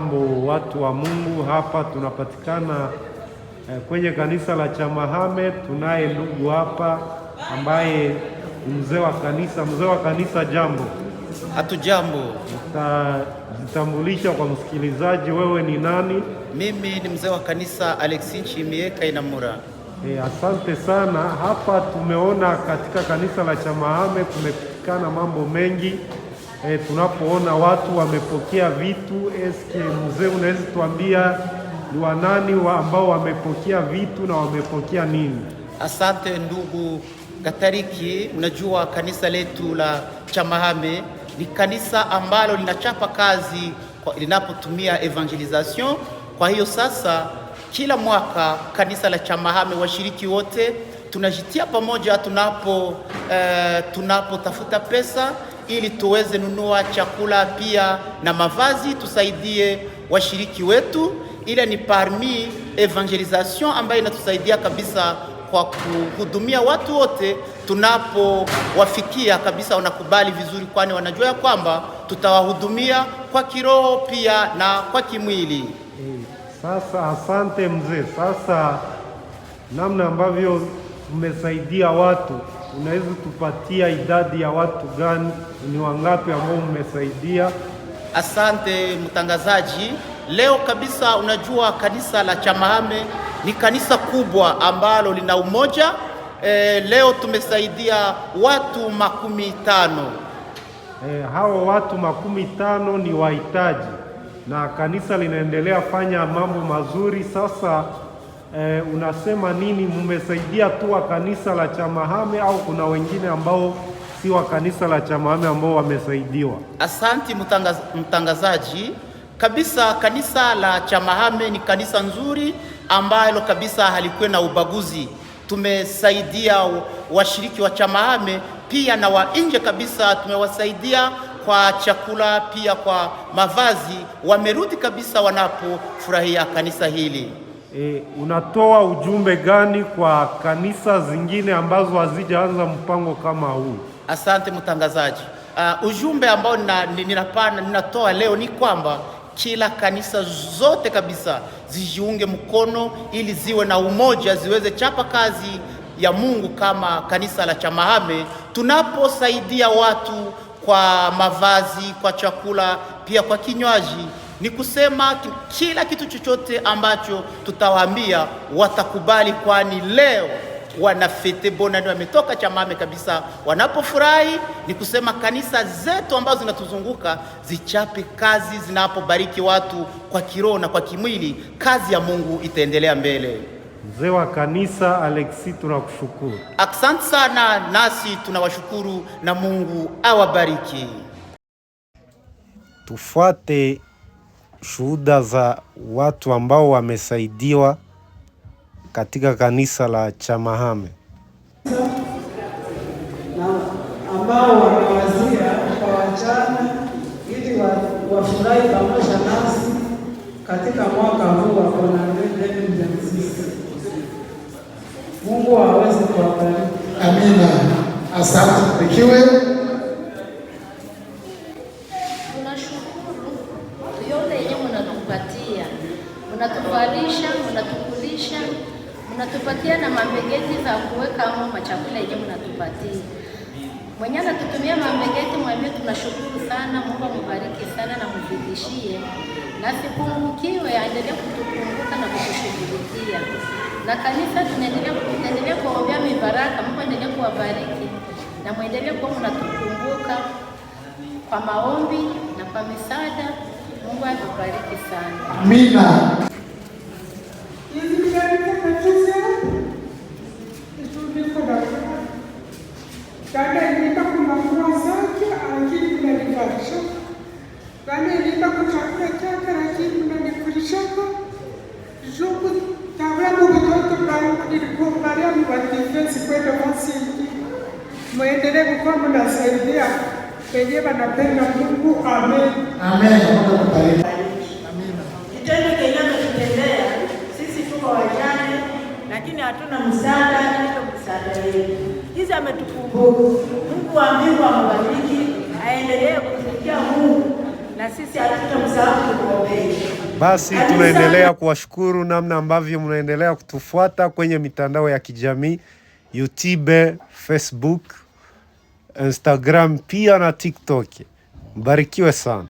Mambo watu wa Mungu, hapa tunapatikana eh, kwenye kanisa la Chamahame. Tunaye ndugu hapa ambaye mzee wa kanisa. Mzee wa kanisa, jambo. hatu jambo Utajitambulisha kwa msikilizaji, wewe ni nani? Mimi ni mzee wa kanisa Alexi Nshimiye Kainamura. E, eh, asante sana. Hapa tumeona katika kanisa la Chamahame kumepatikana mambo mengi e, tunapoona watu wamepokea vitu eske mzee, unaweza tuambia ni wanani wa ambao wamepokea vitu na wamepokea nini? Asante ndugu Katariki, unajua kanisa letu la Chamahame ni kanisa ambalo linachapa kazi linapotumia evangelization. Kwa hiyo sasa, kila mwaka kanisa la Chamahame, washiriki wote tunajitia pamoja tunapo, uh, tunapotafuta pesa ili tuweze nunua chakula pia na mavazi, tusaidie washiriki wetu. Ile ni parmi evangelisation ambayo inatusaidia kabisa kwa kuhudumia watu wote tunapowafikia kabisa, wanakubali vizuri, kwani wanajua ya kwamba tutawahudumia kwa kiroho pia na kwa kimwili. Mm. Sasa asante mzee. Sasa namna ambavyo mmesaidia watu unaweza tupatia idadi ya watu gani, ni wangapi ambao mmesaidia? Asante mtangazaji. Leo kabisa, unajua kanisa la Chamahame ni kanisa kubwa ambalo lina umoja e. Leo tumesaidia watu makumi tano. E, hao watu makumi tano ni wahitaji na kanisa linaendelea fanya mambo mazuri sasa e, unasema nini? Mmesaidia tu wa kanisa la Chamahame au kuna wengine ambao si wa kanisa la Chamahame ambao wamesaidiwa? Asanti mtangaz, mtangazaji kabisa. Kanisa la Chamahame ni kanisa nzuri ambalo kabisa halikuwa na ubaguzi. Tumesaidia washiriki wa Chamahame pia na wa nje kabisa, tumewasaidia kwa chakula pia kwa mavazi, wamerudi kabisa wanapofurahia kanisa hili e, unatoa ujumbe gani kwa kanisa zingine ambazo hazijaanza mpango kama huu? Asante mtangazaji. Uh, ujumbe ambao ninapana ninatoa leo ni kwamba kila kanisa zote kabisa zijiunge mkono ili ziwe na umoja, ziweze chapa kazi ya Mungu kama kanisa la Chamahame, tunaposaidia watu kwa mavazi, kwa chakula, pia kwa kinywaji ni kusema kila kitu chochote ambacho tutawaambia watakubali, kwani leo wanafete bonani wametoka chamame kabisa. Wanapofurahi ni kusema kanisa zetu ambazo zinatuzunguka zichape kazi, zinapobariki watu kwa kiroho na kwa kimwili, kazi ya Mungu itaendelea mbele. Mzee wa kanisa Alexi, tunakushukuru. Asante sana, nasi tunawashukuru na Mungu awabariki. Tufuate shuhuda za watu ambao wamesaidiwa katika kanisa la Chamahame na ambao wanawazia kwa wajana ili wafurahi pamoja nasi katika mwaka huu wa Mungu aweze kuwabariki. Amina. Asante. Ikiwe mnatuvalisha, mnatukulisha, mnatupatia na mambegeti za kuweka ama machakula yenye mnatupatia. Mwenye anatutumia mambegeti, mwambie tunashukuru sana, Mungu amubariki sana na mzidishie, na sipungukiwe, aendelee kutukumbuka na kutushughulikia. Na kanisa tunaendelea tunaendelea kuombea mibaraka, Mungu aendelee kuwabariki na mwendelee kuwa mnatukumbuka kwa maombi na kwa misaada. Mungu akubariki sana. Amina. Ndugu Karambu kutoka nilikuwa Mariamu wa Kifensi kwenda Masindi, muendelee kukuwa mnasaidia penye wanapenda Mungu. Amen, amen. Kitendo kinachotutendea sisi, tuko wajane, lakini hatuna msaada ilo msaada yetu hizi. Ametukumbuka Mungu wa mbingu, amebariki, aendelee kutumikia Mungu na sisi hatutamsahau kuombea basi tunaendelea kuwashukuru namna ambavyo mnaendelea kutufuata kwenye mitandao ya kijamii YouTube, Facebook, Instagram pia na TikTok. Mbarikiwe sana.